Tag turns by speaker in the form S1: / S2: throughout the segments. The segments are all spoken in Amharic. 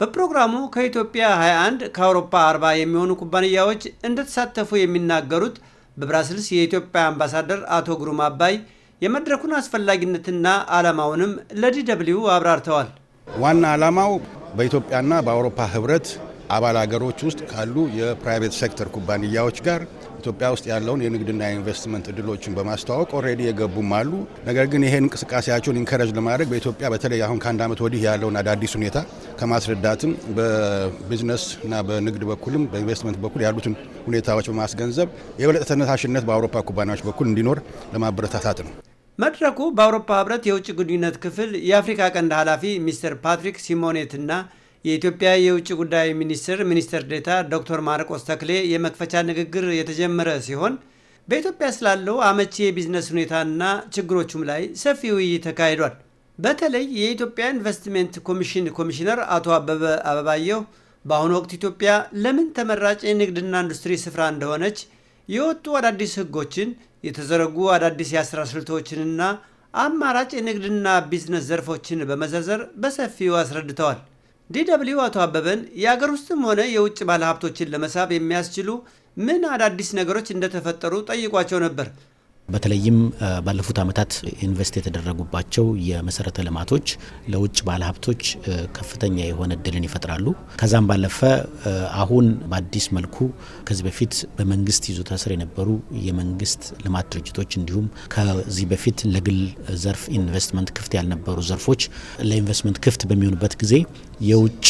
S1: በፕሮግራሙ ከኢትዮጵያ 21 ከአውሮፓ 40 የሚሆኑ ኩባንያዎች እንደተሳተፉ የሚናገሩት በብራስልስ የኢትዮጵያ አምባሳደር አቶ ግሩም አባይ የመድረኩን አስፈላጊነትና ዓላማውንም ለዲደብሊው አብራርተዋል። ዋና ዓላማው
S2: በኢትዮጵያና በአውሮፓ ህብረት አባል አገሮች ውስጥ ካሉ የፕራይቬት ሴክተር ኩባንያዎች ጋር ኢትዮጵያ ውስጥ ያለውን የንግድና የኢንቨስትመንት እድሎችን በማስተዋወቅ ኦልሬዲ የገቡም አሉ። ነገር ግን ይሄን እንቅስቃሴያቸውን ኢንከረጅ ለማድረግ በኢትዮጵያ በተለይ አሁን ከአንድ ዓመት ወዲህ ያለውን አዳዲስ ሁኔታ ከማስረዳትም በቢዝነስ እና በንግድ በኩልም በኢንቨስትመንት በኩል ያሉትን ሁኔታዎች በማስገንዘብ የበለጠ ተነሳሽነት በአውሮፓ ኩባንያዎች በኩል እንዲኖር ለማበረታታት ነው።
S1: መድረኩ በአውሮፓ ህብረት የውጭ ግንኙነት ክፍል የአፍሪካ ቀንድ ኃላፊ ሚስተር ፓትሪክ ሲሞኔትና የኢትዮጵያ የውጭ ጉዳይ ሚኒስቴር ሚኒስትር ዴታ ዶክተር ማርቆስ ተክሌ የመክፈቻ ንግግር የተጀመረ ሲሆን በኢትዮጵያ ስላለው አመቺ የቢዝነስ ሁኔታና ችግሮቹም ላይ ሰፊ ውይይት ተካሂዷል። በተለይ የኢትዮጵያ ኢንቨስትሜንት ኮሚሽን ኮሚሽነር አቶ አበበ አበባየሁ በአሁኑ ወቅት ኢትዮጵያ ለምን ተመራጭ የንግድና ኢንዱስትሪ ስፍራ እንደሆነች የወጡ አዳዲስ ህጎችን፣ የተዘረጉ አዳዲስ የአስራ ስልቶችንና አማራጭ የንግድና ቢዝነስ ዘርፎችን በመዘርዘር በሰፊው አስረድተዋል። ዲደብሊው አቶ አበበን የአገር ውስጥም ሆነ የውጭ ባለሀብቶችን ለመሳብ የሚያስችሉ ምን አዳዲስ ነገሮች እንደተፈጠሩ ጠይቋቸው ነበር።
S3: በተለይም ባለፉት ዓመታት ኢንቨስት የተደረጉባቸው የመሰረተ ልማቶች ለውጭ ባለሀብቶች ከፍተኛ የሆነ እድልን ይፈጥራሉ። ከዛም ባለፈ አሁን በአዲስ መልኩ ከዚህ በፊት በመንግስት ይዞታ ስር የነበሩ የመንግስት ልማት ድርጅቶች እንዲሁም ከዚህ በፊት ለግል ዘርፍ ኢንቨስትመንት ክፍት ያልነበሩ ዘርፎች ለኢንቨስትመንት ክፍት በሚሆኑበት ጊዜ የውጭ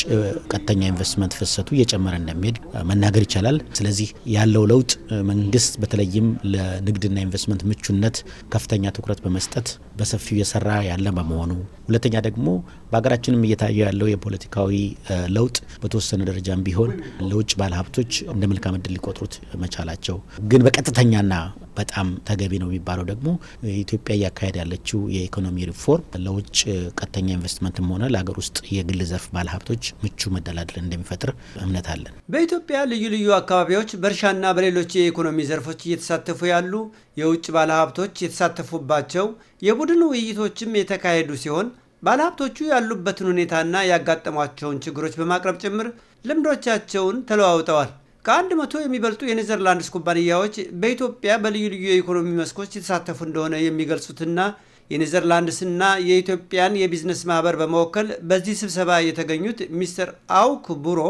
S3: ቀጥተኛ ኢንቨስትመንት ፍሰቱ እየጨመረ እንደሚሄድ መናገር ይቻላል። ስለዚህ ያለው ለውጥ መንግስት በተለይም ለንግድና ኢንቨስትመንት ምቹነት ከፍተኛ ትኩረት በመስጠት በሰፊው እየሰራ ያለ በመሆኑ፣ ሁለተኛ ደግሞ በሀገራችንም እየታየ ያለው የፖለቲካዊ ለውጥ በተወሰነ ደረጃም ቢሆን ለውጭ ባለሀብቶች እንደ መልካም እድል ሊቆጥሩት መቻላቸው ግን በቀጥተኛና በጣም ተገቢ ነው የሚባለው ደግሞ ኢትዮጵያ እያካሄድ ያለችው የኢኮኖሚ ሪፎርም ለውጭ ቀጥተኛ ኢንቨስትመንትም ሆነ ለሀገር ውስጥ የግል ዘርፍ ባለሀብቶች ምቹ መደላደል እንደሚፈጥር እምነት አለን።
S1: በኢትዮጵያ ልዩ ልዩ አካባቢዎች በእርሻና በሌሎች የኢኮኖሚ ዘርፎች እየተሳተፉ ያሉ የውጭ ባለሀብቶች የተሳተፉባቸው የቡድን ውይይቶችም የተካሄዱ ሲሆን ባለሀብቶቹ ያሉበትን ሁኔታና ያጋጠሟቸውን ችግሮች በማቅረብ ጭምር ልምዶቻቸውን ተለዋውጠዋል። ከአንድ መቶ የሚበልጡ የኔዘርላንድስ ኩባንያዎች በኢትዮጵያ በልዩ ልዩ የኢኮኖሚ መስኮች የተሳተፉ እንደሆነ የሚገልጹትና የኔዘርላንድስና የኢትዮጵያን የቢዝነስ ማህበር በመወከል በዚህ ስብሰባ የተገኙት ሚስተር አውክ ቡሮ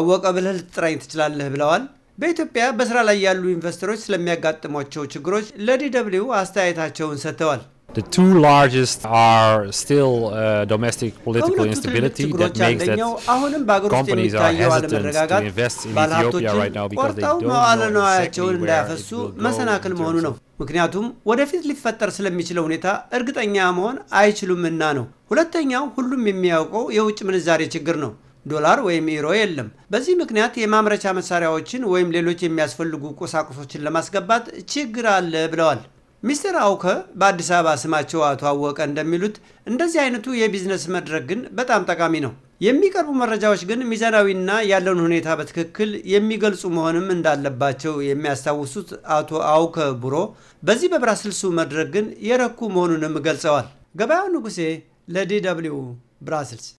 S1: አወቀ ብለህ ልትጥራኝ ትችላለህ ብለዋል። በኢትዮጵያ በስራ ላይ ያሉ ኢንቨስተሮች ስለሚያጋጥሟቸው ችግሮች ለዲ ደብልዩ አስተያየታቸውን ሰጥተዋል።
S3: The two largest are still uh, domestic political instability that makes that companies are hesitant to invest in Ethiopia right now because they don't
S1: know exactly where it will go. in ምክንያቱም ወደፊት ሊፈጠር ስለሚችለው ሁኔታ እርግጠኛ መሆን አይችሉምና ነው። ሁለተኛው ሁሉም የሚያውቀው የውጭ ምንዛሬ ችግር ነው። ዶላር ወይም ኢሮ የለም። በዚህ ምክንያት የማምረቻ መሳሪያዎችን ወይም ሌሎች የሚያስፈልጉ ቁሳቁሶችን ለማስገባት ችግር አለ ብለዋል። ሚስተር አውከ በአዲስ አበባ ስማቸው አቶ አወቀ እንደሚሉት እንደዚህ አይነቱ የቢዝነስ መድረክ ግን በጣም ጠቃሚ ነው። የሚቀርቡ መረጃዎች ግን ሚዛናዊና ያለውን ሁኔታ በትክክል የሚገልጹ መሆንም እንዳለባቸው የሚያስታውሱት አቶ አውከ ቡሮ በዚህ በብራስልሱ መድረክ ግን የረኩ መሆኑንም ገልጸዋል። ገበያው ንጉሴ ለዲ ደብልዩ ብራስልስ